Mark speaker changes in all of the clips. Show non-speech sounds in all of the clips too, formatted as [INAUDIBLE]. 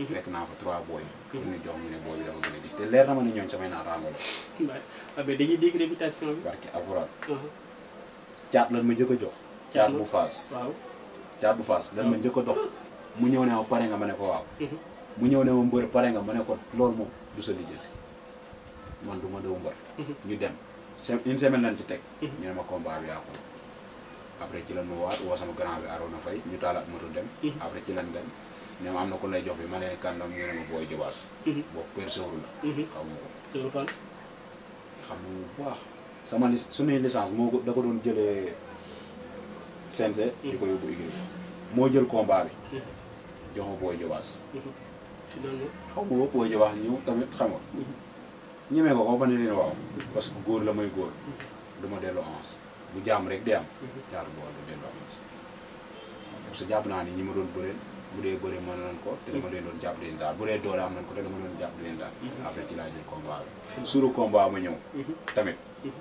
Speaker 1: Mhm. fekk naa fa trois booy. pour mhm. ñu jox ñu ne booy bi dama gën a gis te leer na ma ne ñooñu samay naataangoo la. waaw ah, mais uh-huh. caat a jox. caat bu faas waaw. caat bu faas lan ma njëkk dox mu ñëw ne ma pare nga ma ne ko waaw. Uh-huh. mu ñëw ne ma mbër pare nga ma ne ko loolu moom du sa liggéey man du ma doo uh-huh. ñu dem une semaine lañ ci teg. ñu ne ma combat après ci lan ma waat woo sama grand bi Arona Faye ñu taalaat moto dem. après ci lan dem. ne am na ku lay jox bi ma ne kan la ñu ne ma booy jobaas. Mhm. boobu père Sowru la. Mhm.
Speaker 2: xaw ma ko. baax
Speaker 1: sama li suñuy licence moo ko da ko doon jëlee CNG. Mhm. di ko yóbbu Igri moo jël combat bi. jox ma booy jobaas. xaw ma boobu booy jobaas ñëw tamit xam nga. ñemee ko ko ba ne leen waaw. parce que góor la may góor. du ma delloo avance bu jaam rek day am. jaar boobu du delloo avance. parce que jàpp naa ni ñi ma doon bëreel. bu dee bëre mën nañ ko te dama leen doon jàpp leen daal bu dee doole am nañ ko te dama leen doon jàpp leen daal mhm. après ci laa jël combat bi suuru combat ma ñëw mhm. tamit mhm.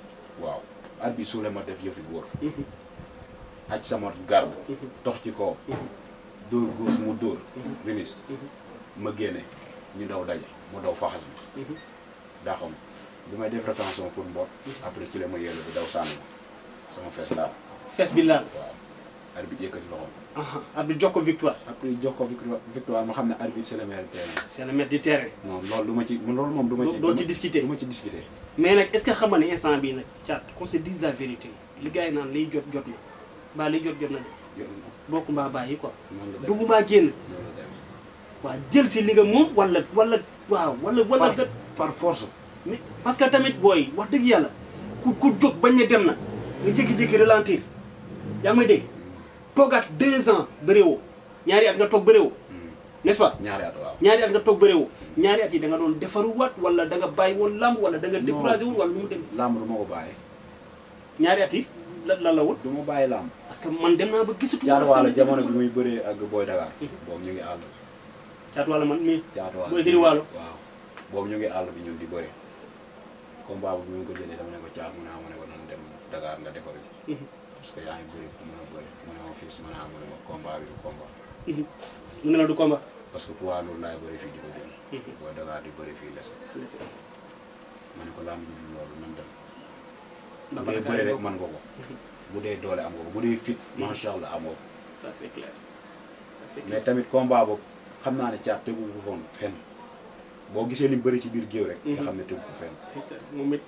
Speaker 1: waaw at bi suule ma def yëfi góor aj sama garde tox ci kaw dóor góos mu dóor rimis ma génne ñu daw daje mu daw faxas bi daa xam bi may def rétention pour mboot après ci la ma yellu bi daw sànni ma sama fees laal fees bi laal waaw arbitre
Speaker 2: arbitre jox victoire. arbitre jox ko victoire ma mer arbitre c'est terrain. c'est le non loolu qui, ci loolu mom qui ci. do ci discuter duma ci discuter. mais est-ce que xam nga instant bi nak chat qu'on se dise la vérité li gars jot jot na ba jot jot na de. Ils quoi. wa jël li nga mom wala wala waaw wala wala. par force. parce que tamit tu wax deug yalla ku ralentir toogaat deux ans bëreewoo ñaari at nga toog bëreewoo hmm. n'est-ce pas ñaari at waaw ñaari at toog bëreewoo ñaari at yi da nga doon defaruwaat wala da nga bàyyi woon làmb wala da nga découragé woon wala lu mu dem làmb du ma ko bàyyi ñaari at yi la woon du ma bàyyi làmb parce que man dem naa ba gisatu jaatuwaala jamono bi muy
Speaker 1: bëree ak booy Dakar hmm. boobu ñu ngi àll jaatuwaala man mii jaatuwaala booy jëri waalo waaw boobu ñu àll bi ñun di ko jëlee dama ne ko caat mu ne ah, ma ne ko noonu dem Dakar nga defar bi parce que yaa ngi bëri ku mën a bëri mu ne ma fii su ma naa mën combat bi du combat. Mhm. mu ne la du combat. parce que poids loolu laay bëri fii di ko jëm. boo dagaa di bëri fii lese. ma ne ko laa mujj loolu nan dem. bu dee bëri rek man nga ko. Mhm. bu dee doole am nga ko bu dee fit mhm. macha allah am nga ko. mais tamit combat boobu xam naa ne caat tegu ko foon fenn boo gisee ni bëri ci biir géew rek. nga xam ne tegu
Speaker 2: ko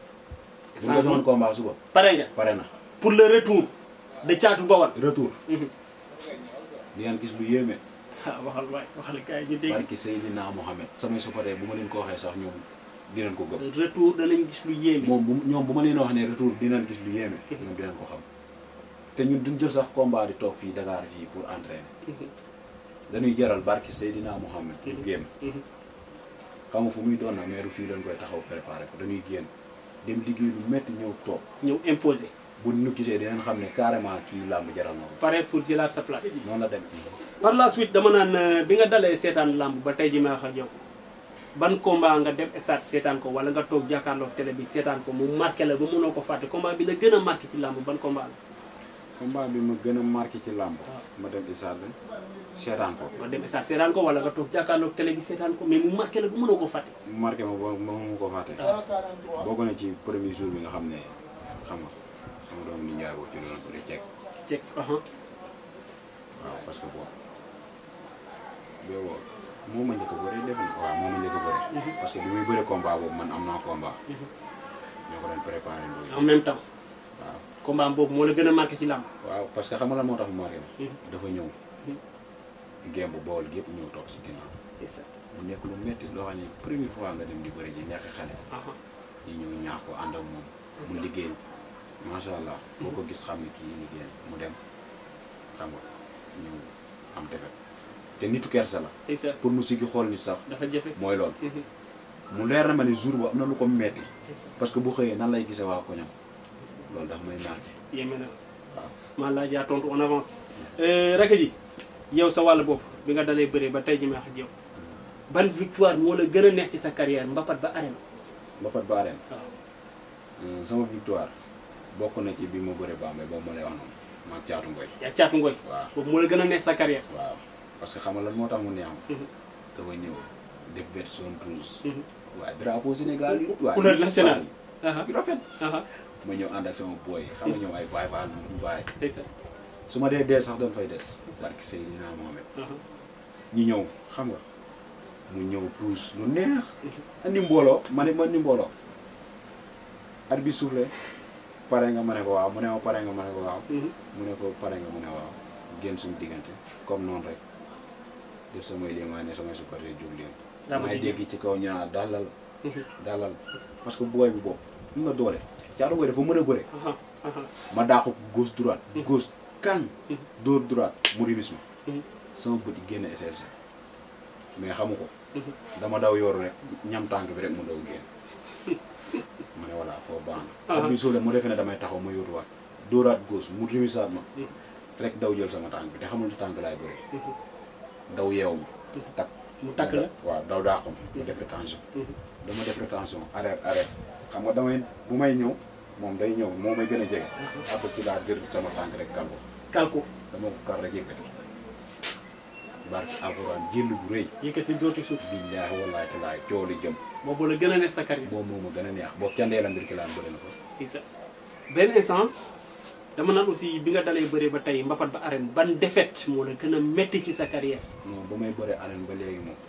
Speaker 1: bu la doon combat suba.
Speaker 2: pare nga pare na. pour le retour de Thiatou Baol. retour. Mhm. di ngeen gis lu yéeme. [LAUGHS] ah waxal
Speaker 1: waay waxal kaay ñu dégg. barki Seydina Mohamed samay supporters bu ma leen ko waxee sax ñoom dinañ ko gëm. retour danañ gis lu yéeme. moom bu ñoom bu ma leen wax ne retour dinañ gis lu yéeme. Mhm. ñoom dinañ ko xam. te ñu duñ jël sax combat di toog fii Dakar fii pour entraîner. Mhm. dañuy jaral barki Seydina Mohamed. ñu génn. xam nga fu muy doon nag meeru fii dañ koy taxaw préparé ko dañuy génn. dem liggéey lu métti ñëw toog. ñëw imposé. bu nu gisee dinañ xam ne carrément kii làmb jaral na
Speaker 2: pare pour jëlaat sa place. noonu la dem par la suite dama naan euh, bi nga dalee seetaan làmb ba tey ji ma wax ak ban combat nga dem stade seetaan ko wala nga toog jàkkaarloog tele bi seetaan ko mu marqué la ba mënoo ko fàtte combat bi la gën a marqué ci làmb ban combat
Speaker 1: la. bi ma gën a marqué ci làmb. Ah. ma dem stade seetaan ko nga dem stade seetaan nga toog jàkkaarloog télé bi seetaan ko mais mu marqué la bu mënoo ko fàtte mu marqué ma ah. xam ne xam uh-huh. parce que boobu moo a bëri def na waaw mm-hmm. mm-hmm. moo la gën a marqué ci làmb waaw parce que xam nga lan moo tax mu marqué ma mm-hmm. dafa ñëw gémb bool gépp ñëw toog si ginnaaw. mu nekk lu métti loo xam ne première fois nga dem di bëri ji nekk xale. ñu uh-huh. ñëw ñaax ko ànd ak moom. mu liggéey macha allah. moo ko mm-hmm. gis xam ne kii liggéey mu dem xam nga am defet te nitu pour mu siggi xool nit sax. dafa jafe mooy loolu. Mm-hmm. mu leer ma ne jour ba am na lu ko metti parce que bu xëyee nan lay gise waa koñam loolu daf may
Speaker 2: marqué. maa laa jaa tontu on avance. Euh, rakk ji. yow sa wal bop bi nga dalay beure ba tay ji may yow ban victoire mo la gëna neex ci sa carrière mbapat ba arène mbapat ba arène waaw
Speaker 1: euh, sama victoire bokku na ci bi mo beure ba may bo mo lay wax noonu maag caatu ngoy
Speaker 2: ya ciatu ngoy waaw
Speaker 1: mo la gëna neex sa
Speaker 2: carrière waaw
Speaker 1: parce que xamal lan mo tax mu neex da way ñew def bet zone douze mhm. waaw drapeau Sénégal waaw couleur nationale aha bi rafet aha ma ñew and ak sama boy xam nga ñew ay bay
Speaker 2: baal lu baay
Speaker 1: su ma dee dee sax dañ fay des barki Seydina Mohamed uh-huh. ñu ñëw xam nga mu ñëw tuus lu neex
Speaker 2: uh-huh.
Speaker 1: andi mbooloo ma ni mbooloo at bi suufle pare nga ma ne ko waaw mu pare nga ma ne ko waaw uh-huh. mu ne ko pare nga mu ne waaw génn suñu diggante comme noonu rek def samay limaa ne samay supporter jóg leen may dégg ci kaw ñu naan dalal dalal parce que booy bi boobu mu nga doole jaadu koy dafa mën a bëre ma daaxu gauche droite gauche kàng mm-hmm. dóor droite mu ribis ma mm-hmm. sama bët yi génn ételsé mais xamu ko mm-hmm. dama daw yor rek ñam tànk bi rek mu daw génn [LAUGHS] ma ne voilà foofu baax na uh-huh. bi suule mu defee ne damay taxaw ma yóotuwaat dooraat gos mu ribisaat ma rek daw jël sama tànk bi te xamul ne tànk laay bëri daw yeew ma takk mu takk la waaw daw daa xam ma def rétention dama def rétention arrêt arrêt xam nga damay bu may ñëw moom day ñëw moo may gën a jege. après ci laa gër sama tànk rek kàl ko. kàl ko dama kar rek yëkkati. barke alxuraan jënd
Speaker 2: bu rëy. yëkkati dooti suuf. billaahi wallaahi tallaahi coow li jëm. moom la gën a neex sa carrière. moom moo ma gën a neex boo kenn deelam mbir ki laan bëri na dama naan aussi bi nga dalee bëree ba tey mbapat ba arène ban défaite moo la gën a ci sa carrière.
Speaker 1: may bëre arène ba léegi moom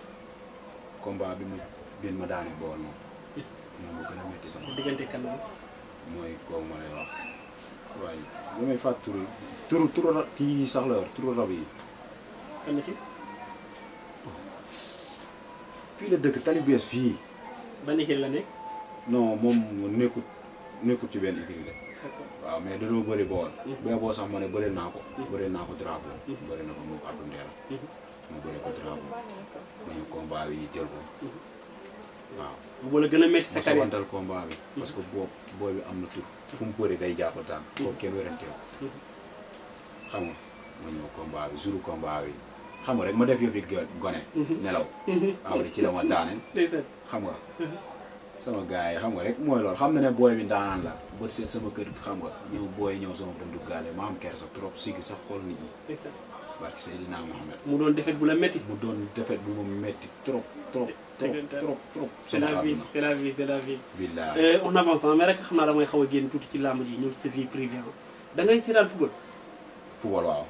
Speaker 1: combat bi ma bin ma daane bool moom. Hmm. moom moo gën a metti sama. diggante kan mooy kooku ma lay wax waaye li may fàtt turu turu rab kii sax la rab yi. kan la fii la dëkk tali bees fii. ban la nekk. non moom nekkut nekkut ci benn écurie la.
Speaker 2: waaw mais dañoo bëri bool. bee mhm. boo sax ma ne bëri naa ko. Mhm. bëri naa ko drapeau.
Speaker 1: Mhm. bëri na ko moom Abdou Ndera. mu bëri ko drapeau. dañu combat bi jël ko. waaw
Speaker 2: wala gën a sa carrière wantal
Speaker 1: combat bi mm-hmm. parce que boob booy bi am na tur fu mu bëri day jàpp daan mm-hmm. kooku kenn weranteew mm-hmm. xam nga ma ñëw combat bi jour ma def yëf yi gone nelaw après ci la ma daane xam nga sama gars yi xam nga rek mooy loolu xam na ne booy bi ndaanaan la bët seet sama kër xam nga ñëw booy ñëw sama dund gaale ma am kersa trop sigi sax xool nit ñi barke Seydina Mohamed.
Speaker 2: mu doon defet bu la métti. mu doon
Speaker 1: defet bu mu métti trop trop. trop trop trop c'est la vie
Speaker 2: c'est la vie c'est la vie. billaay euh, on avance rek xam naa damay xaw a génn tuuti ci làmb yi ñëw ci sa vie privée da ngay seetaan football. football waaw.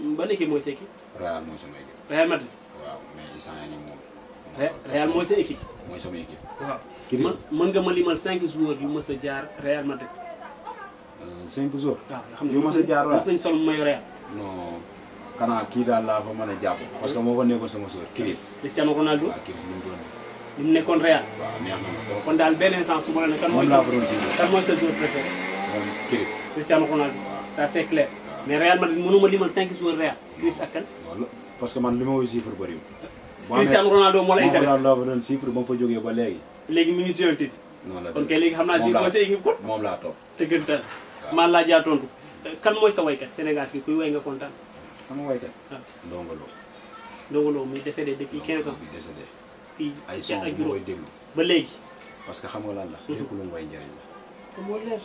Speaker 2: Mm, ban équipe mooy sa équipe. Real mooy sama équipe. Real Madrid. waaw mais instant yii mooy sama équipe. waaw Chris nga ma limal 5 joueurs yu mës a jaar Real Madrid.
Speaker 1: 5 euh, joueurs. yu mës a jaar waaw mës nañu
Speaker 2: sol maillot Real.
Speaker 1: non. xanaa kii daal laa fa mën a jàpp. parce que moo fa nekkoon sama
Speaker 2: sœur Chris. Cristiano Ronaldo waaw ah, Chris mu doon. li mu nekkoon Real. kon daal benn instant su la ne kan mooy. moom laa ko
Speaker 1: Ronaldo li ma woy chiffre bëriwul.
Speaker 2: Cristiano Ronaldo moo la intéressé moom
Speaker 1: laa fa doon chiffre ba mu fa jógee ba léegi.
Speaker 2: léegi mi ngi kon kay léegi sa équipe kon. moom laa maa laa jaa tontu mooy sa waykat Sénégal fii kuy way nga kontaan
Speaker 1: sama waykat. waaw ah. Ndongo Lo.
Speaker 2: Ndongo Lo muy décédé depuis 15 ans. décédé. fii
Speaker 1: ay son bu ma ba léegi. parce que xam nga lan la. Mhm. lépp lu
Speaker 2: mu moo leer.